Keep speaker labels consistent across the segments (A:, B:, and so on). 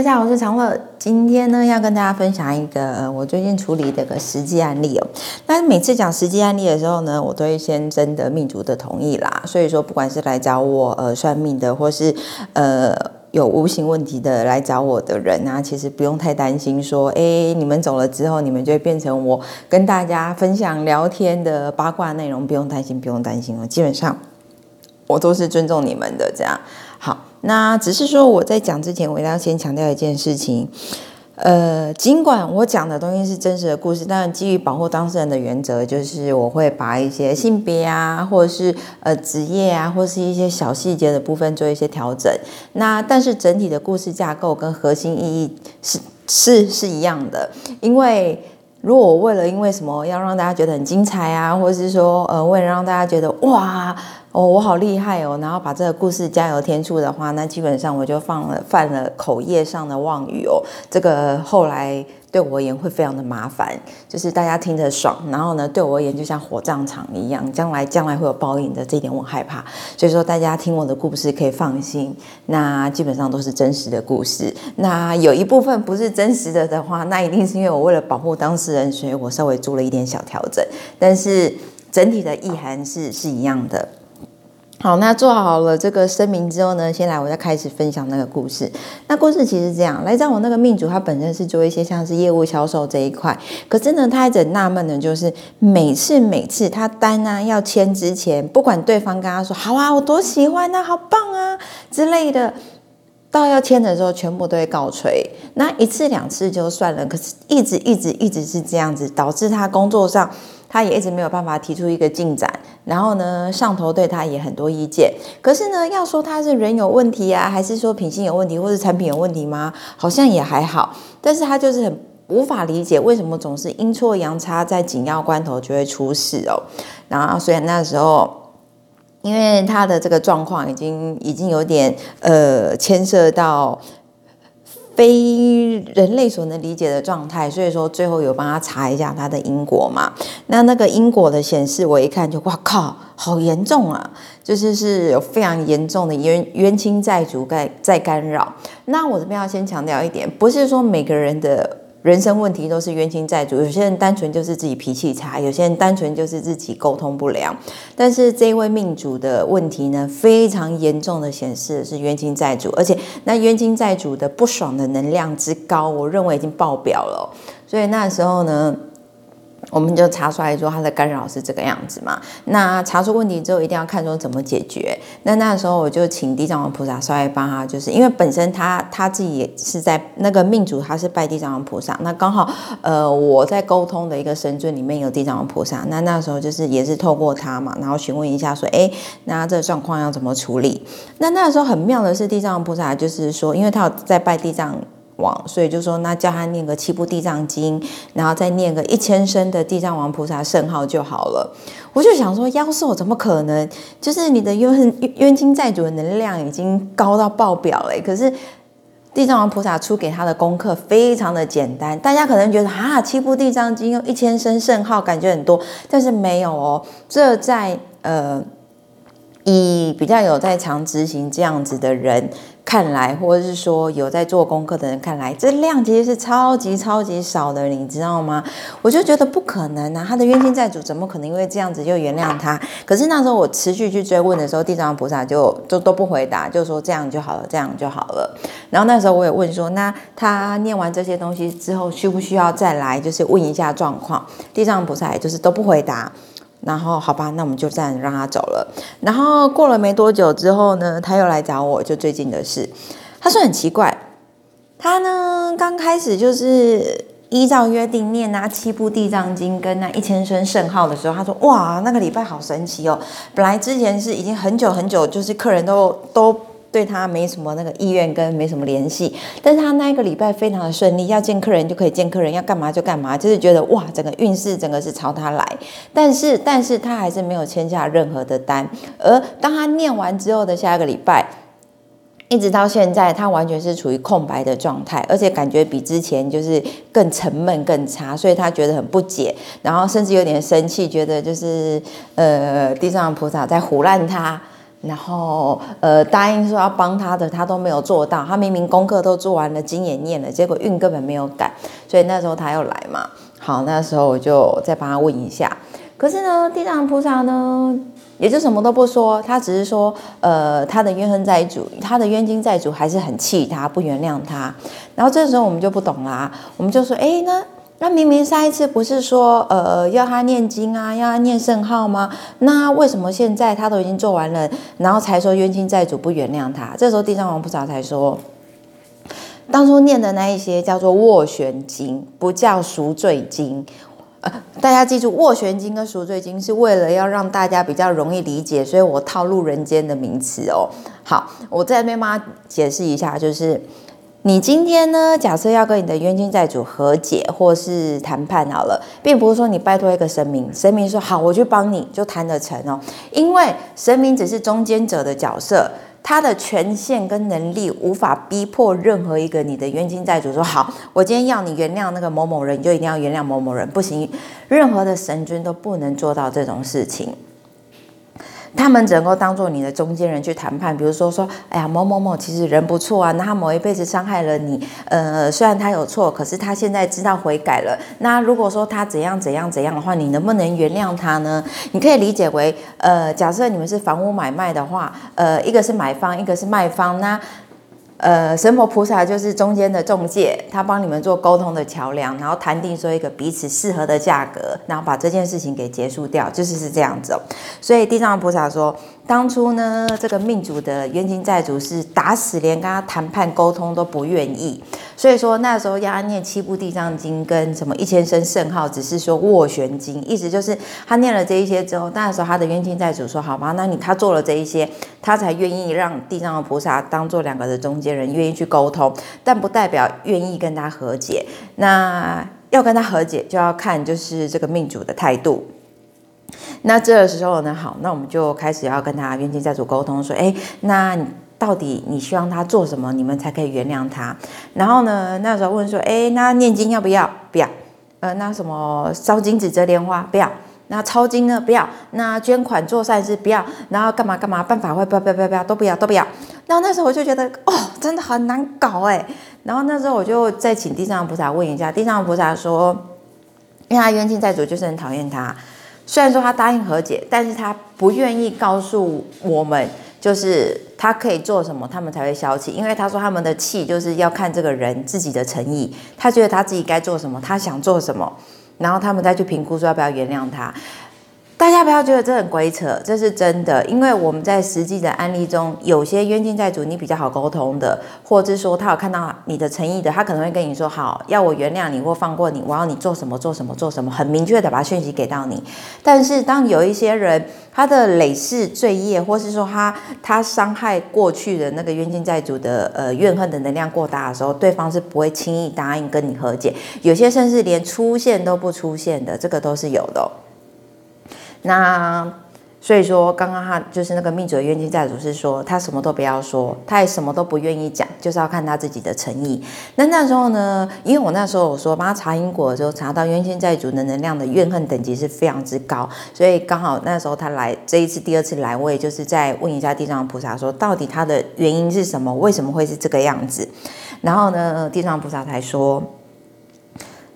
A: 大家好，我是常樂。今天呢，要跟大家分享一個、呃、我最近處理的個實際案例哦。但是每次講實際案例的時候呢，我都會先徵得命主的同意啦。所以說，不管是來找我呃算命的，或是呃有無形問題的來找我的人啊，其實不用太擔心。說，哎，你們走了之後，你們就會變成我跟大家分享聊天的八卦的內容，不用擔心，不用擔心哦。基本上，我都是尊重你們的這樣。那只是說，我在講之前，我一定要先強調一件事情。呃，儘管我講的東西是真實的故事，但基於保護當事人的原則，就是我會把一些性別啊，或者是呃職業啊，或是一些小細節的部分做一些調整。那但是整體的故事架構跟核心意義是是是，是一樣的，因為。如果我為了因為什麼要讓大家覺得很精彩啊，或者是說，呃，為了讓大家覺得哇，哦，我好厲害哦，然後把這個故事加油添醋的話，那基本上我就放了犯了口業上的妄語哦，這個後來。對我而言會非常的麻煩，就是大家聽得爽，然後呢，對我而言就像火葬場一樣，將來將來會有報應的，這一點我害怕。所以說，大家聽我的故事可以放心，那基本上都是真實的故事。那有一部分不是真實的的話，那一定是因為我為了保護當事人，所以我稍微做了一點小調整，但是整體的意涵是是一樣的。好，那做好了這個聲明之後呢，先來，我再開始分享那個故事。那故事其實這樣，來講，我那個命主他本身是做一些像是業務銷售這一塊，可是呢，他一直納悶的就是，每次每次他單啊要簽之前，不管對方跟他說好啊，我多喜歡啊，好棒啊之類的，到要簽的時候，全部都會告吹。那一次兩次就算了，可是一直一直一直是這樣子，導致他工作上。他也一直沒有辦法提出一個進展，然後呢，上頭對他也很多意見。可是呢，要說他是人有問題啊，還是說品性有問題，或是產品有問題嗎？好像也還好。但是他就是很無法理解，為什麼總是陰錯陽差，在緊要關頭就會出事哦、喔。然後，雖然那時候，因為他的這個狀況已經已經有點呃，牽涉到。非人類所能理解的狀態，所以說最後有幫他查一下他的因果嘛，那那個因果的顯示，我一看就哇靠，好嚴重啊，就是是有非常嚴重的冤冤親債主在在干擾。那我這邊要先強調一點，不是說每個人的。人生問題都是冤親債主，有些人單純就是自己脾氣差，有些人單純就是自己溝通不良。但是這一位命主的問題呢，非常嚴重的顯示的是冤親債主，而且那冤親債主的不爽的能量之高，我認為已經爆表了喔，所以那時候呢。我們就查出來說他的干擾是這個樣子嘛，那查出問題之後一定要看說怎麼解決。那那時候我就請地藏王菩薩稍微幫他，就是因為本身他他自己也是在那個命主，他是拜地藏王菩薩，那剛好呃我在溝通的一個神尊裡面有地藏王菩薩，那那時候就是也是透過他嘛，然後詢問一下說，誒，那這個狀況要怎麼處理？那那時候很妙的是地藏王菩薩就是說，因為他有在拜地藏。所以就說，那叫他念個七部地藏經，然後再念個一千聲的地藏王菩薩聖號就好了。我就想說，夭壽，我怎麼可能？就是你的冤冤親債主的能量已經高到爆表了，可是地藏王菩薩出給他的功課非常的簡單。大家可能覺得，哈，七部地藏經用一千聲聖號，感覺很多，但是沒有哦、喔。這在呃。以比較有在常執行這樣子的人看來，或者是說有在做功課的人看來，這量其實是超級超級少的，你知道嗎？我就覺得不可能吶、啊，他的冤親債主怎麼可能因為這樣子就原諒他？可是那時候我持續去追問的時候，地藏菩薩就都都不回答，就說，這樣就好了，這樣就好了。然後那時候我也問說，那他念完這些東西之後，需不需要再來，就是問一下狀況？地藏菩薩也就是都不回答。然後好吧，那我們就這樣讓他走了。然後過了沒多久之後呢，他又來找我，就最近的事。他說很奇怪，他呢剛開始就是依照約定念那七部地藏經跟那一千聲聖號的時候，他說哇，那個禮拜好神奇哦，本來之前是已經很久很久，就是客人都都。對他沒什麼那個意願跟沒什麼聯繫，但是他那一個禮拜非常的順利，要見客人就可以見客人，要幹嘛就幹嘛，就是覺得哇，整個運勢整個是朝他來，但是但是他還是沒有簽下任何的單。而當他念完之後的下一個禮拜，一直到現在，他完全是處於空白的狀態，而且感覺比之前就是更沉悶、更差，所以他覺得很不解，然後甚至有點生氣，覺得就是呃地藏菩薩在唬爛他。然後，呃，答應說要幫他的，他都沒有做到。他明明功課都做完了，經也念了，結果運根本沒有改。所以那時候他又來嘛，好，那時候我就再幫他問一下。可是呢，地藏菩薩呢，也就什麼都不說，他只是說，呃，他的怨恨債主，他的冤親債主還是很氣他，不原諒他。然後這時候我們就不懂啦，我們就說，哎，那。那明明上一次不是說，呃，要他念經啊，要他念聖號嗎？那為什麼現在他都已經做完了，然後才說冤親債主不原諒他？這時候地藏王菩薩才說，當初念的那一些叫做斡旋經，不叫贖罪經。呃，大家記住，斡旋經跟贖罪經是為了要讓大家比較容易理解，所以我套入人間的名詞哦。好，我再慢慢解釋一下，就是。你今天呢，假設要跟你的冤親債主和解，或是談判好了，並不是說你拜托一個神明，神明說好，我去幫你就談得成哦。因為神明只是中間者的角色，他的權限跟能力無法逼迫任何一個你的冤親債主說好，我今天要你原諒那個某某人，你就一定要原諒某某人，不行，任何的神君都不能做到這種事情。他們只能夠當做你的中間人去談判，比如說說，哎呀，某某某其實人不錯啊，那他某一輩子傷害了你，呃，雖然他有錯，可是他現在知道悔改了。那如果說他怎樣怎樣怎樣的話，你能不能原諒他呢？你可以理解為，呃，假設你們是房屋買賣的話，呃，一個是買方，一個是賣方，那。呃，神佛菩薩就是中間的中介，他幫你們做溝通的橋樑，然後談定說一個彼此適合的價格，然後把這件事情給結束掉，就是是這樣子哦。所以地藏菩薩說。當初呢，這個命主的冤親債主是打死連跟他談判溝通都不願意，所以說那時候要念七部地藏經跟什麼一千聲聖號，只是說斡旋金，意思就是他念了這一些之後，那時候他的冤親債主說，好吧，那你他做了這一些，他才願意讓地藏菩薩當做兩個的中間人，願意去溝通，但不代表願意跟他和解。那要跟他和解，就要看就是這個命主的態度。那這個時候呢，好，那我們就開始要跟他冤親債主溝通，說，哎、欸，那到底你希望他做什麼，你們才可以原諒他？然後呢，那時候問說，哎、欸，那念經要不要？不要。呃，那什麼燒金紙、折蓮花，不要。那抄經呢，不要。那捐款做善事，不要。然後幹嘛幹嘛，辦法會不要不要不要，不要都不要都不要。然後那時候我就覺得，哦，真的很難搞哎、欸。然後那時候我就再請地藏菩薩問一下，地藏菩薩說，因為他冤親債主就是很討厭他。雖然說他答應和解，但是他不願意告訴我們，就是他可以做什麼，他們才會消氣。因為他說他們的氣就是要看這個人自己的誠意，他覺得他自己該做什麼，他想做什麼，然後他們再去評估說要不要原諒他。大家不要覺得這很鬼扯，這是真的。因為我們在實際的案例中，有些冤親債主你比較好溝通的，或者是說他有看到你的誠意的，他可能會跟你說好，要我原諒你或放過你，我要你做什麼做什麼做什麼，很明確的把訊息給到你。但是當有一些人他的累世罪業，或是說他他傷害過去的那個冤親債主的呃怨恨的能量過大的時候，對方是不會輕易答應跟你和解。有些甚至連出現都不出現的，這個都是有的哦。那所以說，剛剛他就是那個命主的冤親債主是說，他什麼都不要說，他也什麼都不願意講，就是要看他自己的誠意。那那時候呢，因為我那時候我說幫他查因果的時候，查到冤親債主的能量的怨恨等級是非常之高，所以剛好那時候他來這一次第二次來，我也就是在問一下地藏菩薩說，到底他的原因是什麼，為什麼會是這個樣子？然後呢，地藏菩薩才說。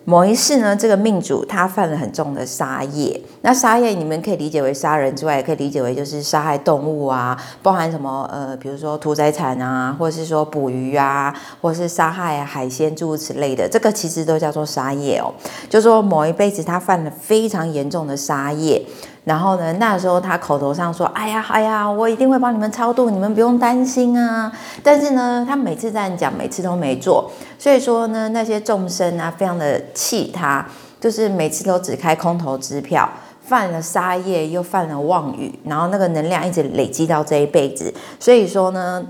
A: 某一世呢，這個命主他犯了很重的殺業。那殺業你們可以理解為殺人之外，也可以理解為就是殺害動物啊，包含什麼呃，比如說屠宰場啊，或是說捕魚啊，或是殺害海鮮、豬之類的，這個其實都叫做殺業哦。就說某一輩子他犯了非常嚴重的殺業。然後呢，那時候他口頭上說：“哎呀，哎呀，我一定會幫你們超度，你們不用擔心啊。”但是呢，他每次這樣講，每次都沒做。所以說呢，那些眾生啊，非常的氣他，就是每次都只開空頭支票，犯了殺業，又犯了妄語，然後那個能量一直累積到這一輩子。所以說呢。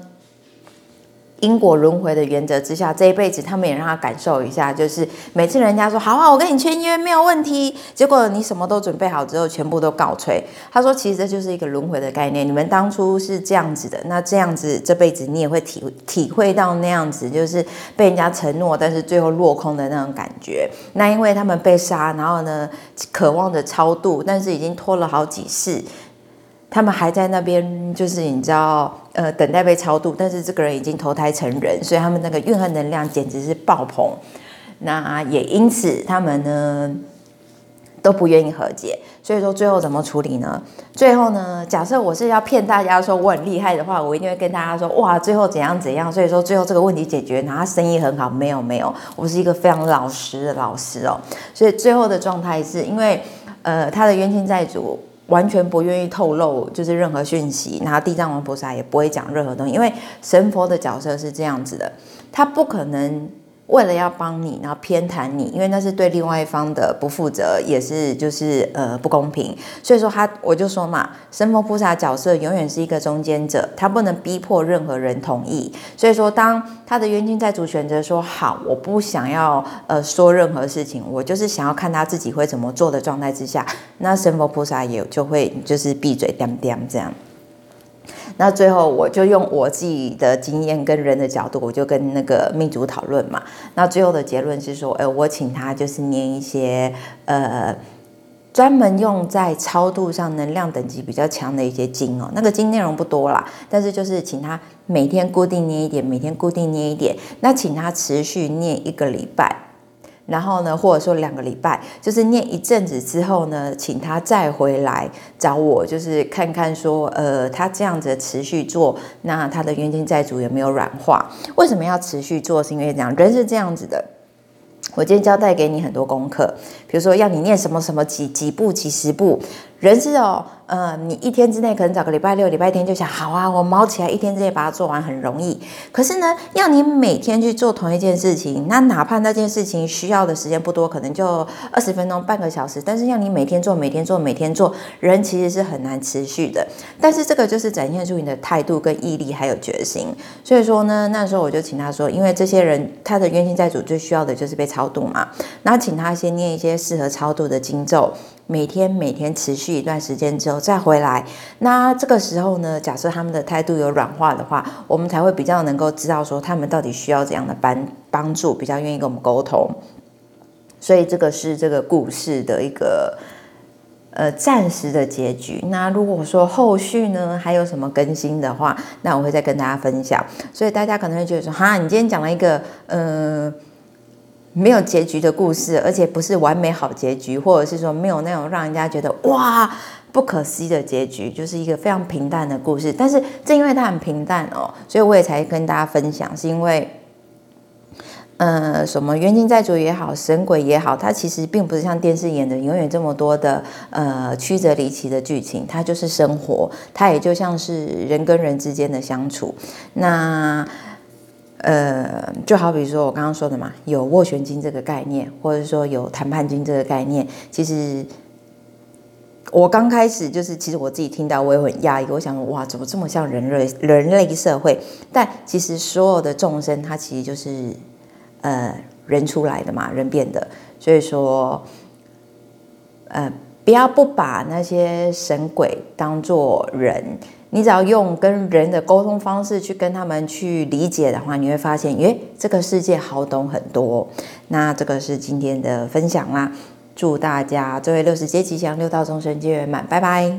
A: 因果輪回的原則之下，這一輩子他們也讓他感受一下，就是每次人家說“好啊，我跟你簽約沒有問題”，結果你什麼都準備好之後，全部都告吹。他說：“其實這就是一個輪回的概念，你們當初是這樣子的，那這樣子這輩子你也會體體會到那樣子，就是被人家承諾，但是最後落空的那種感覺。那因為他們被殺，然後呢，渴望着超度，但是已經拖了好幾世。”他們還在那邊，就是你知道，呃，等待被超度。但是這個人已經投胎成人，所以他們那個怨恨能量簡直是爆棚。那也因此，他們呢都不願意和解。所以說最後怎麼處理呢？最後呢，假設我是要騙大家說我很厲害的話，我一定會跟大家說，哇，最後怎樣怎樣。所以說最後這個問題解決，然後生意很好，沒有沒有，我是一個非常老實的老師哦。所以最後的狀態是因為，呃，他的冤親債主。完全不願意透露，就是任何訊息。然後地藏王菩薩也不會講任何東西，因為神佛的角色是這樣子的，他不可能。為了要幫你，然後偏袒你，因為那是對另外一方的不負責，也是就是呃不公平。所以說他我就說嘛，神佛菩薩角色永遠是一個中間者，他不能逼迫任何人同意。所以說，當他的冤親債主選擇說好，我不想要呃說任何事情，我就是想要看他自己會怎麼做的狀態之下，那神佛菩薩也就會就是閉嘴，恬恬這樣。那最後我就用我自己的經驗跟人的角度，我就跟那個命主討論嘛。那最後的結論是說，欸，我請他就是念一些呃，專門用在超度上能量等級比較強的一些經哦。那個經內容不多啦，但是就是請他每天固定念一點，每天固定念一點。那請他持續念一個禮拜。然後呢，或者說兩個禮拜，就是念一陣子之後呢，請他再回來找我，就是看看說，呃，他這樣子持續做，那他的冤親債主有沒有軟化？為什麼要持續做？是因為這樣，人是這樣子的。我今天交代給你很多功課，比如說要你念什麼什麼幾幾步幾十步，人是哦。呃，你一天之內可能找個禮拜六、禮拜天就想好啊，我卯起來一天之內把它做完很容易。可是呢，要你每天去做同一件事情，那哪怕那件事情需要的時間不多，可能就二十分鐘、半個小時，但是要你每天做、每天做、每天做，人其實是很難持續的。但是這個就是展現出你的態度、跟毅力還有決心。所以說呢，那時候我就請他說，因為這些人他的冤親債主最需要的就是被超度嘛，那請他先念一些適合超度的經咒，每天每天持續一段時間之後。再回來，那這個時候呢，假設他們的態度有軟化的話，我們才會比較能夠知道說他們到底需要怎樣的幫幫助，比較願意跟我們溝通。所以這個是這個故事的一個呃暫時的結局。那如果說後續呢還有什麼更新的話，那我會再跟大家分享。所以大家可能會覺得說，哈，你今天講了一個嗯。呃沒有結局的故事，而且不是完美好結局，或者是說沒有那種讓人家覺得哇不可惜的結局，就是一個非常平淡的故事。但是正因為它很平淡哦，所以我也才跟大家分享，是因為，呃，什麼冤親債主也好，神鬼也好，它其實並不是像電視演的永遠這麼多的呃曲折離奇的劇情，它就是生活，它也就像是人跟人之間的相處。那。呃，就好比如說我剛剛說的嘛，有斡旋金這個概念，或者說有談判金這個概念，其實我剛開始就是，其實我自己聽到我也很訝異，我想說哇，怎麼這麼像人類人類社會？但其實所有的眾生，它其實就是呃人出來的嘛，人變的，所以說呃，不要不把那些神鬼當作人。你只要用跟人的溝通方式去跟他們去理解的話，你會發現，耶，這個世界好懂很多。那這個是今天的分享啦，祝大家諸位六時皆吉祥，六道眾生皆圓滿，拜拜。